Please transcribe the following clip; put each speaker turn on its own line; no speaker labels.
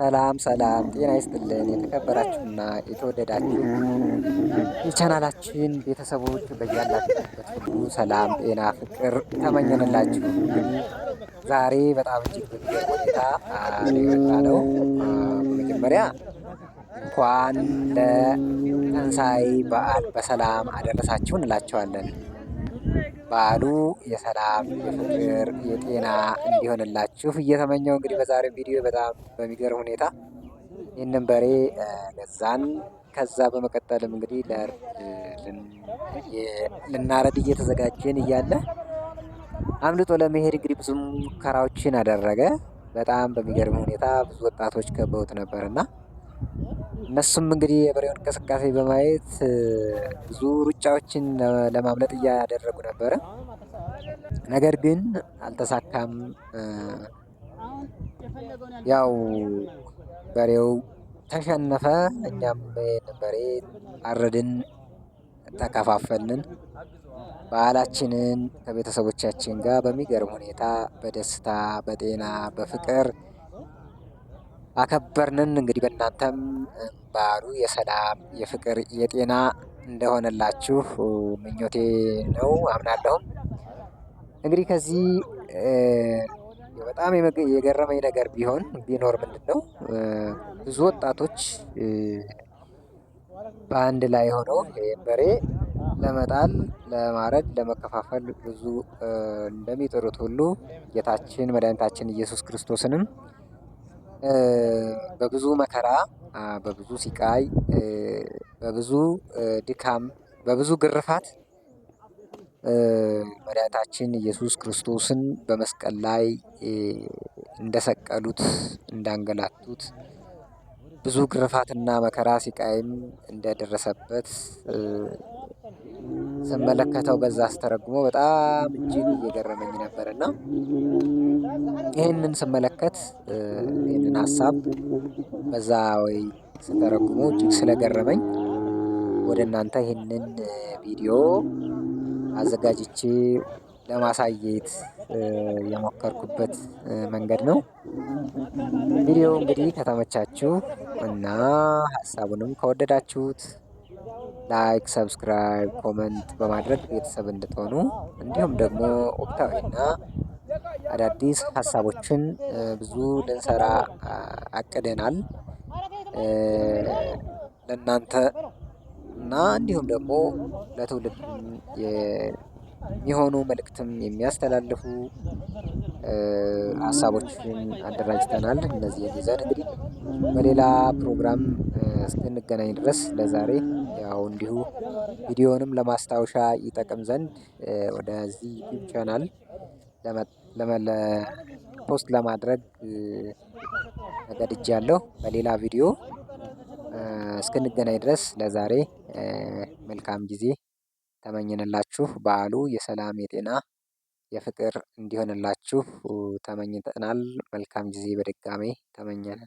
ሰላም ሰላም፣ ጤና ይስጥልን። የተከበራችሁና የተወደዳችሁ የቻናላችን ቤተሰቦች በያላችሁበት ሁሉ ሰላም፣ ጤና፣ ፍቅር ተመኘንላችሁ። ዛሬ በጣም እጅግ በሚገርም ሁኔታ ነው። በመጀመሪያ እንኳን ለትንሳኤ በዓል በሰላም አደረሳችሁ እንላቸዋለን። በዓሉ የሰላም የፍቅር የጤና እንዲሆንላችሁ እየተመኘው እንግዲህ በዛሬ ቪዲዮ በጣም በሚገርም ሁኔታ ይህንን በሬ ገዛን። ከዛ በመቀጠልም እንግዲህ ልናረድ እየተዘጋጀን እያለ አምልጦ ለመሄድ እንግዲህ ብዙ ሙከራዎችን አደረገ። በጣም በሚገርም ሁኔታ ብዙ ወጣቶች ከበውት ነበርና እነሱም እንግዲህ የበሬውን እንቅስቃሴ በማየት ብዙ ሩጫዎችን ለማምለጥ እያደረጉ ነበረ። ነገር ግን አልተሳካም። ያው በሬው ተሸነፈ። እኛም በሬ አረድን፣ ተከፋፈልን። በዓላችንን ከቤተሰቦቻችን ጋር በሚገርም ሁኔታ በደስታ በጤና በፍቅር አከበርንን። እንግዲህ በእናንተም ባሉ የሰላም የፍቅር የጤና እንደሆነላችሁ ምኞቴ ነው አምናለሁም። እንግዲህ ከዚህ በጣም የገረመኝ ነገር ቢሆን ቢኖር ምንድን ነው ብዙ ወጣቶች በአንድ ላይ ሆነው በሬ ለመጣል ለማረድ፣ ለመከፋፈል ብዙ እንደሚጥሩት ሁሉ ጌታችን መድኃኒታችን ኢየሱስ ክርስቶስንም በብዙ መከራ፣ በብዙ ሲቃይ፣ በብዙ ድካም፣ በብዙ ግርፋት መድኃኒታችን ኢየሱስ ክርስቶስን በመስቀል ላይ እንደሰቀሉት እንዳንገላቱት ብዙ ግርፋትና መከራ ሲቃይም እንደደረሰበት ስመለከተው በዛ አስተረጉሞ በጣም እጅግ እየገረመኝ ነበርና ይህንን ስመለከት ይህንን ሀሳብ በዛ ወይ ስተረጉሙ እጅግ ስለገረመኝ ወደ እናንተ ይህንን ቪዲዮ አዘጋጅቼ ለማሳየት የሞከርኩበት መንገድ ነው። ቪዲዮ እንግዲህ ከተመቻችሁ እና ሀሳቡንም ከወደዳችሁት ላይክ፣ ሰብስክራይብ፣ ኮመንት በማድረግ ቤተሰብ እንድትሆኑ እንዲሁም ደግሞ ወቅታዊና አዳዲስ ሀሳቦችን ብዙ ልንሰራ አቅደናል። ለእናንተ እና እንዲሁም ደግሞ ለትውልድ የሚሆኑ መልእክትም የሚያስተላልፉ ሀሳቦችን አደራጅተናል። እነዚህ ይዘን እንግዲህ በሌላ ፕሮግራም እስክንገናኝ ድረስ ለዛሬ ያው እንዲሁ ቪዲዮንም ለማስታወሻ ይጠቅም ዘንድ ወደዚህ ዩቲዩብ ቻናል ለመ ፖስት ለማድረግ ተገድጃለሁ። በሌላ ቪዲዮ እስክንገናኝ ድረስ ለዛሬ መልካም ጊዜ ተመኝንላችሁ በዓሉ የሰላም የጤና የፍቅር እንዲሆንላችሁ ተመኝተናል። መልካም ጊዜ በድጋሜ ተመኘን።